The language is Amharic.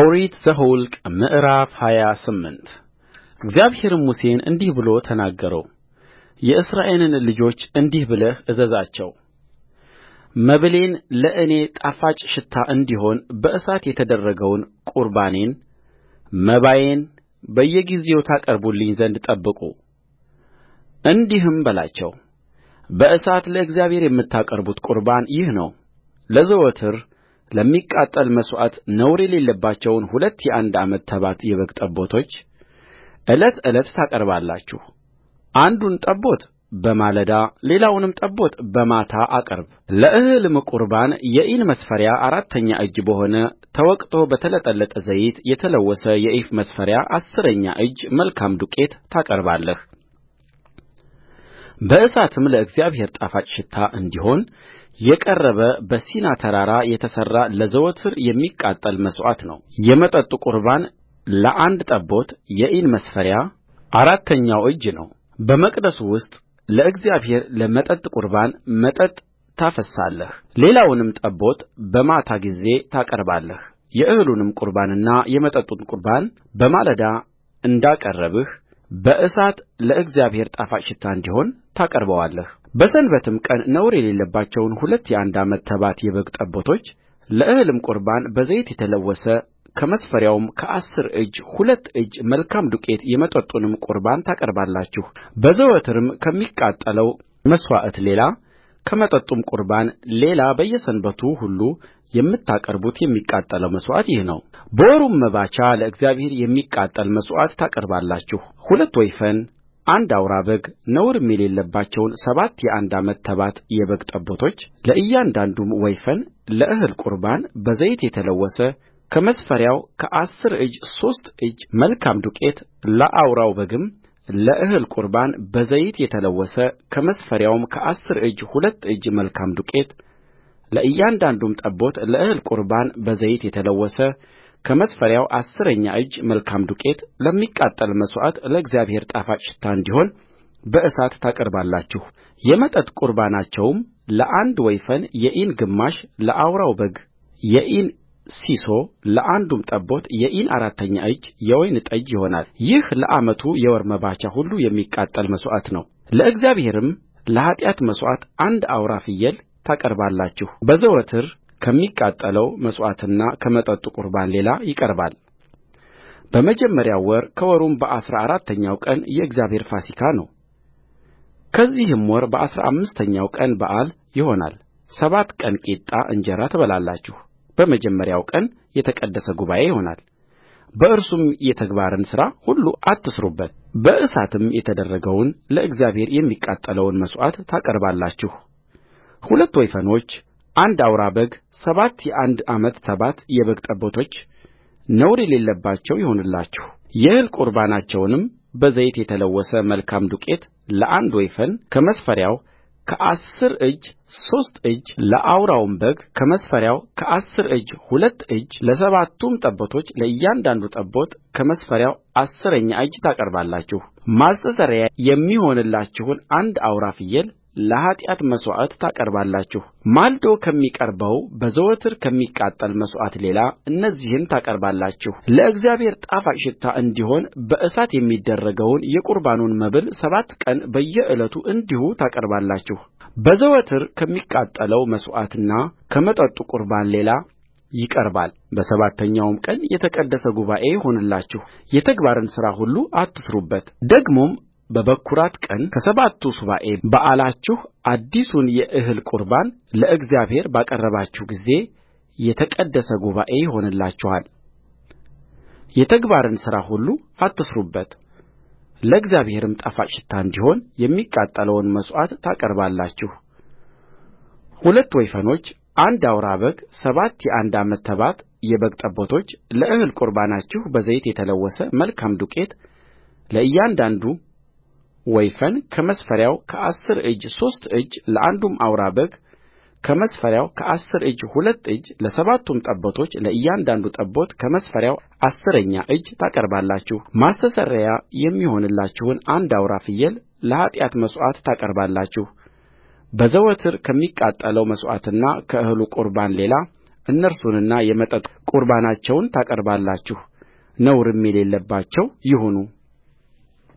ኦሪት ዘኍልቍ ምዕራፍ ሃያ ስምንት እግዚአብሔርም ሙሴን እንዲህ ብሎ ተናገረው። የእስራኤልን ልጆች እንዲህ ብለህ እዘዛቸው መብሌን ለእኔ ጣፋጭ ሽታ እንዲሆን በእሳት የተደረገውን ቁርባኔን መባዬን በየጊዜው ታቀርቡልኝ ዘንድ ጠብቁ። እንዲህም በላቸው በእሳት ለእግዚአብሔር የምታቀርቡት ቁርባን ይህ ነው፣ ለዘወትር ለሚቃጠል መሥዋዕት ነውር የሌለባቸውን ሁለት የአንድ ዓመት ተባት የበግ ጠቦቶች ዕለት ዕለት ታቀርባላችሁ። አንዱን ጠቦት በማለዳ ሌላውንም ጠቦት በማታ ለእህልም ቍርባን የኢን መስፈሪያ አራተኛ እጅ በሆነ ተወቅጦ በተጠለለ ዘይት የተለወሰ የኢፍ መስፈሪያ አሥረኛ እጅ መልካም ዱቄት ታቀርባለህ በእሳትም ለእግዚአብሔር ጣፋጭ ሽታ እንዲሆን የቀረበ በሲና ተራራ የተሠራ ለዘወትር የሚቃጠል መሥዋዕት የመጠጡ ቍርባን ለአንድ ጠቦት የኢን መስፈሪያ አራተኛው እጅ ነው በመቅደሱ ውስጥ ለእግዚአብሔር ለመጠጥ ቍርባን መጠጥ ታፈስሳለህ ሌላውንም ጠቦት በማታ ጊዜ ታቀርባለህ የእህሉንም ቍርባንና የመጠጡን ቍርባን በማለዳ እንዳቀረብህ በእሳት ለእግዚአብሔር ጣፋጭ ሽታ እንዲሆን ታቀርበዋለህ በሰንበትም ቀን ነውር የሌለባቸውን ሁለት የአንድ ዓመት ተባት የበግ ጠቦቶች ለእህልም ቍርባን በዘይት የተለወሰ ከመስፈሪያውም ከአሥር እጅ ሁለት እጅ መልካም ዱቄት የመጠጡንም ቍርባን ታቀርባላችሁበዘወትርም ከሚቃጠለው መሥዋዕት ሌላ ከመጠጡም ቍርባን ሌላ በየሰንበቱ ሁሉ የምታቀርቡት የሚቃጠለው መሥዋዕት ይህ ነው በወሩም መባቻ ለእግዚአብሔር የሚቃጠል መሥዋዕት ታቀርባላችሁ ሁለት ወይፈን አንድ አውራ በግ ነውርም የሌለባቸውን ሰባት የአንድ ዓመት ተባት የበግ ጠቦቶችለእያንዳንዱም ወይፈን ለእህል ቍርባን በዘይት የተለወሰ ከመስፈሪያው ከአሥር እጅ ሦስት እጅ መልካም ዱቄት ለአውራው በግም ለእህል ቍርባን በዘይት የተለወሰ ከመስፈሪያው ከአሥር እጅ ሁለት እጅ መልካም ዱቄት ለእያንዳንዱም ጠቦት ለእህል ቍርባን በዘይት የተለወሰ ከመስፈሪያው አሥረኛ እጅ መልካም ዱቄት ለሚቃጠል መሥዋዕት ለእግዚአብሔር ጣፋጭ ሽታ እንዲሆን በእሳት ታቀርባላችሁየመጠጥ ቍርባናቸውም ለአንድ ወይፈን የኢን ግማሽ ለአውራው በግ የኢን ሢሶ ለአንዱም ጠቦት የኢን አራተኛ እጅ የወይን ጠጅ ይሆናል ይህ ለዓመቱ የወር መባቻ ሁሉ የሚቃጠል መሥዋዕት ለእግዚአብሔርም ለኃጢአት መሥዋዕት አንድ አውራ ፍየል ታቀርባላችሁ በዘወትር ከሚቃጠለው መሥዋዕትና ከመጠጡ ቍርባን ሌላ ይቀርባልበመጀመሪያው ወር ከወሩም በአሥራ አራተኛው ቀን የእግዚአብሔር ፋሲካ ነው ከዚህም ወር በአሥራ አምስተኛው ቀን በዓል ይሆናል ሰባት ቀን ቂጣ እንጀራ ትበላላችሁ በመጀመሪያው ቀን የተቀደሰ ጉባኤ ይሆናል በእርሱም የተግባርን ሥራ ሁሉ በእሳትም የተደረገውን ለእግዚአብሔር የሚቃጠለውን መሥዋዕት ታቀርባላችሁ ሁለት ወይፈኖች አንድ አውራ በግ ሰባት የአንድ ዓመት ተባት የበግ ጠቦቶች ነውር የሌለባቸው ይሁኑላችሁየእህል ቍርባናቸውንም በዘይት የተለወሰ መልካም ዱቄት ለአንድ ወይፈን ከመስፈሪያው ከአሥር እጅ ሦስት እጅለአውራውም በግ ከመስፈሪያው ከአሥር እጅ ሁለት እጅለሰባቱም ጠቦቶች ለእያንዳንዱ ጠቦት ከመስፈሪያው አሥረኛ እጅ ታቀርባላችሁ። ማስተስረያ የሚሆንላችሁን አንድ አውራ ፍየል ለኃጢአት መሥዋዕት ታቀርባላችሁማልዶ ከሚቀርበው በዘወትር ከሚቃጠል መሥዋዕት ሌላ እነዚህን ታቀርባላችሁ ለእግዚአብሔር ጣፋጭ ሽታ እንዲሆን በእሳት የሚደረገውን የቍርባኑን መብል ሰባት ቀን በየዕለቱ እንዲሁ ታቀርባላችሁ። በዘወትር ከሚቃጠለው መሥዋዕትና ከመጠጡ ቍርባን ሌላ ይቀርባል በሰባተኛውም ቀን የተቀደሰ ጉባኤ ይሁንላችሁ የተግባርን ሥራ ሁሉ አትሥሩበትደግሞም በበኵራት ቀን ከሰባቱ ሱባዔ በዓላችሁ አዲሱን የእህል ቍርባን ለእግዚአብሔር ባቀረባችሁ ጊዜ የተቀደሰ ጉባኤ ይሆንላችኋል የተግባርን ሥራ ሁሉ አትሥሩበት ለእግዚአብሔርም ጣፋጭ ሽታ እንዲሆን የሚቃጠለውን መሥዋዕት ታቀርባላችሁ ሁለት ወይፈኖች አንድ አውራ በግ ሰባት የአንድ ዓመት ተባት የበግ ጠቦቶች ለእህል ቍርባናችሁ በዘይት የተለወሰ መልካም ዱቄት ለእያንዳንዱ ወይፈን ከመስፈሪያው ከአሥር እጅ ሦስት ለአንዱም አውራ በግ ከመስፈሪያው ከአሥር እጅ ሁለት እጅለሰባቱም ጠቦቶች ለእያንዳንዱ ጠቦት ከመስፈሪያው አሥረኛ እጅ ታቀርባላችሁማስተስረያ የሚሆንላችሁን አንድ አውራ ፍየል ለኃጢአት መሥዋዕት ታቀርባላችሁ በዘወትር ከሚቃጠለው መሥዋዕትና ከእህሉ ቍርባን ሌላ እነርሱንና የመጠጥ ቍርባናቸውን ታቀርባላችሁ ነውርም የሌለባቸው ይሁኑ